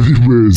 everywhere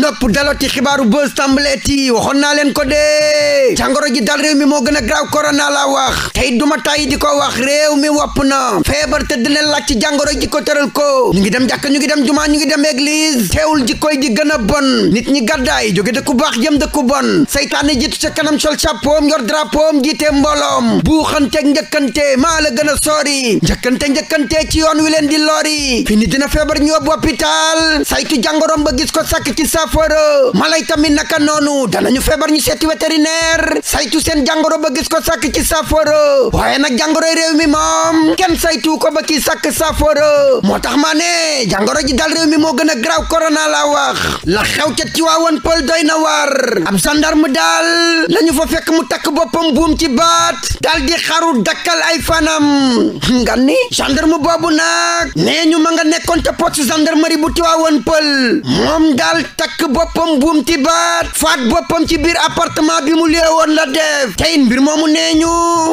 nopp daloti xibaaru buzz tàmbaleeti waxoon naa leen ko dee jàngoro ji dal réew mi moo gën a graaw korona la wax tey duma tàyyi di ko wax réew mi wopp na feebar te dina laaj ci jàngoro ji ko tëral ko ñu ngi dem jàkk ñu ngi dem jumaa ñu ngi dem église teewul ji koy di gën a bon nit ñi gàddaay jóge dëkku baax jëm dëkku bon saytaane jiitu ca kanam sol chapeau yor drapeau jiite mbooloom buuxanteeg njëkkante maa la gën a soori njëkkante njëkkante ci yoon wi leen di lori fi dina feebar ñu yóbbu hôpital saytu jàngoroom gis ko sàkk saafara mala yi tamit naka noonu danañu feebar ñu seeti vétérinaire saytu seen jàngoro ba gis ko sàkk ci saafara waaye nag jàngoro réew mi moom kenn saytu ko ba kii sàkk saafara moo tax maa ne jàngoro ji dal réew mi moo gën a graw korona la wax la xew ca Tiwaawan pël doy na war ab gendarme daal lañu fa fekk mu takk boppam buum ci baat daal di xaru dakkal ay fanam nga ni gendarme boobu nag nee ñu ma nga nekkoon te poste gendarmerie bu Tiwaawan pël moom daal takk takk boppam buum ti baat faat ci biir appartement bi mu léewoon la def tey mbir moomu nee ñu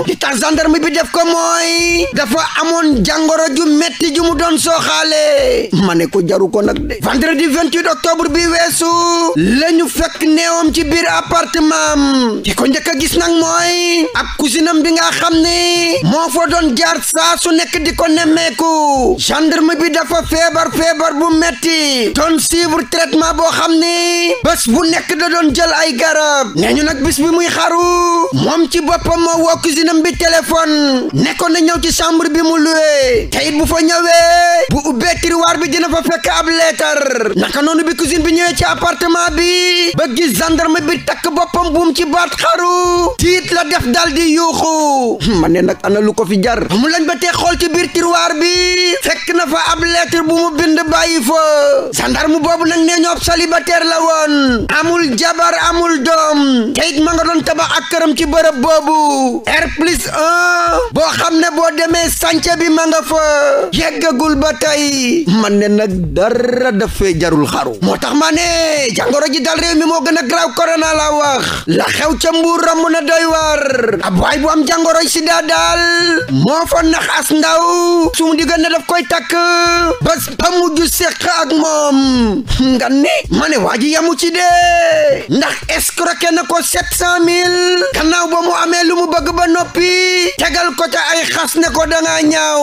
di tax gendarme bi def ko mooy dafa amoon jàngoro ju metti ju mu doon sooxaale ma ne ko jaru ko nag de vendredi 28 octobre bi weesu la ñu fekk neewam ci biir appartement am ko njëkk a gis nag mooy ab cousinam bi nga xam ne moo fa doon jaar saa su nekk di ko nemmeeku gendarme bi dafa feebar feebar bu metti doon suivre traitement boo xam ne bés bu nekk da doon jël ay garab nee ñu nag bis bi muy xaru moom ci boppam moo woo cousinam bi téléphone nekkoon na ñëw ci chambre bi mu luwee te bu fa ñëwee tiroir bi dina fa fekk ab leetar naka noonu bi cousine bi ñëwee ci appartement bi ba gis gendarme bi takk boppam buum ci baat xaru tiit la def daal di yuuxu hmm, ma ne nag ana lu ko fi jar mu lañ ba tee xool ci biir tiroir bi fekk na fa ab lettre bu bind bàyyi fa gendarme boobu nag nee ñoo célibataire la woon amul jabar amul doom te it nga doon tabax ak këram ci bërëb boobu R plus boo xam ne boo demee sànce bi ma nga fa yeggagul ba tey yi man ne nag dara dafee jarul xaru moo tax maa ne jàngoro ji dal réew mi moo gën a graaw korona la wax la xew ca mbuur ram na doy war ab waay bu am jàngoro sida daal moo fa nax as ndaw su mu diggan ne daf koy takk bas ba mujj séq ak moom nga ne ma ne ji yamu ci dee ndax escroqué na ko sept cent mille gannaaw bëgg ba noppi tegal ko ca ay xas ne ko dangaa ñaaw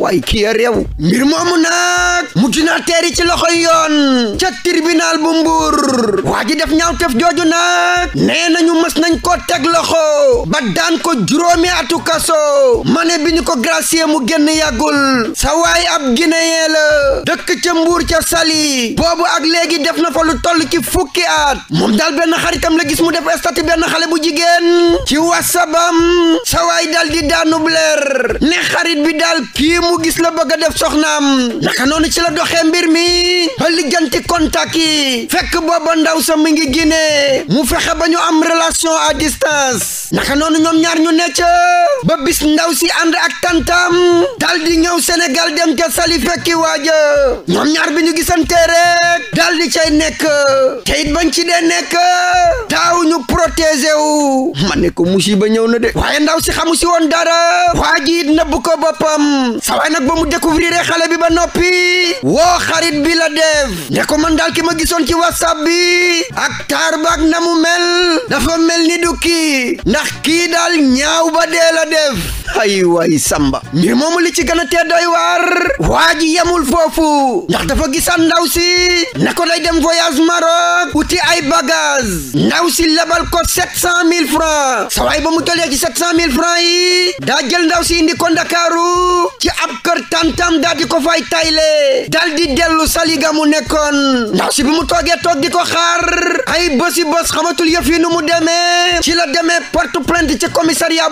waaye kii a réew mbir moomu nag mujj naa teeri ci loxoy yoon ca tribunal bu mbuur waa ji def ñaaw jooju nag nee nañu mës nañ ko teg loxo ba daan ko juróomi atu kaso ma ne bi ñu ko gracier mu génn yàggul sa waay ab guinéen dëkk ca mbuur ca sali boobu ak léegi def na fa lu toll ci fukki at moom daal benn xaritam la gis mu def estati benn xale bu jigéen ci wasabam sawaay dal di daanu bleer ne xarit bi daal kii mu gis la bëgg a def soxnaam naka noonu ci la doxee mbir mi ba lijjanti contact yi fekk booba ndaw sa mi ngi Guinée mu fexe ba ñu am relation a distance naka noonu ñoom ñaar ñu necc ba ndaw si ànd ak tantam dal di ñëw Sénégal dem ca sali fekki waaja ñoom ñaar bi ñu gisante rek cay nekk te it bañ ci dee nekk taaw ñu protéger wu ma ne ko musiba ñëw na de waaye ndaw si xamu si woon dara waa ji it nëbb ko boppam sa nag ba mu découvrir xale bi ba noppi woo xarit bi la def ne ko man daal ki ma gisoon ci whatsapp bi ak taar ba ak na mu mel dafa mel ni du kii ndax kii daal ñaaw ba dee la def ay waay samba mbir moom li ci gën a tee doy waar waa ji yemul foofu ndax dafa gisaan ndaw si na ko day dem voyage Maroc uti ay bagage ndaw si lebal ko sept cent mille francs sawaay ba mu tolee ci sept cent mille francs yi daa jël ndaw si indi ko ndakaaru ci ab kër tantam daa di ko fay tayle dal di dellu saliga mu nekkoon ndaw si bi mu toogee toog di ko xaar ay bësi bës xamatul yëf nu mu demee ci la demee porte plainte ci commissariat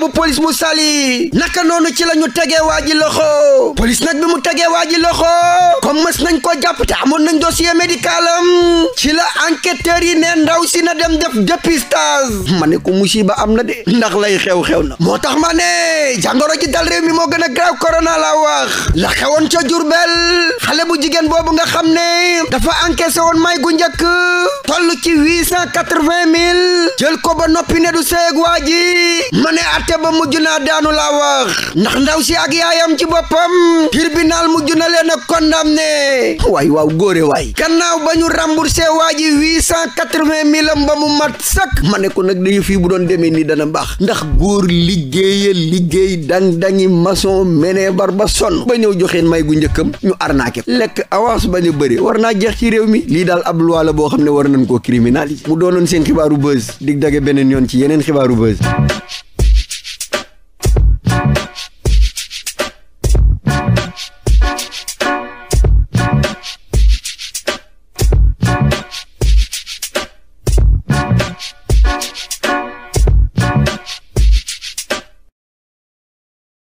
naka noonu ci la ñu tegee waa ji loxo polis nag bi mu tegee waa ji loxo comme mës nañ koo jàpp te amoon nañ dossier médical am ci la enquêteurs yi ndaw si na dem def dépistage ma ne ko musiba am na de ndax lay xew xew na moo tax ma ne jàngoro ji dal réew mi moo gën a grave corona la wax la xewoon ca Jurbel xale bu jigéen boobu nga xam ne dafa encaissé woon may gu njëkk toll ci huit cent quatre-vingt mille jël ko ba noppi ne du seeg waa ji ma ne atte ba mujj naa daanu laa wax ndax ndaw si ak yaayam ci boppam tribunal mujj na leen a ne waay waaw góore waay gannaaw ba ñu remboursé waa ji huit cent quatre-vingt mille ba mu mat sëkk ma ne ko nag dañu fii bu doon demee nii dana mbaax ndax góor liggéeya liggéey dang-dangi maçon menee bar ba sonn ba ñëw joxeen may gu njëkkam ñu arnaqué lekk avance ba ñu bëri war naa jeex ci réew mi lii daal ab loi la boo xam ne war ko koo criminaliser mu doonoon seen xibaaru buzz dig dage beneen yoon ci yeneen xibaaru buzz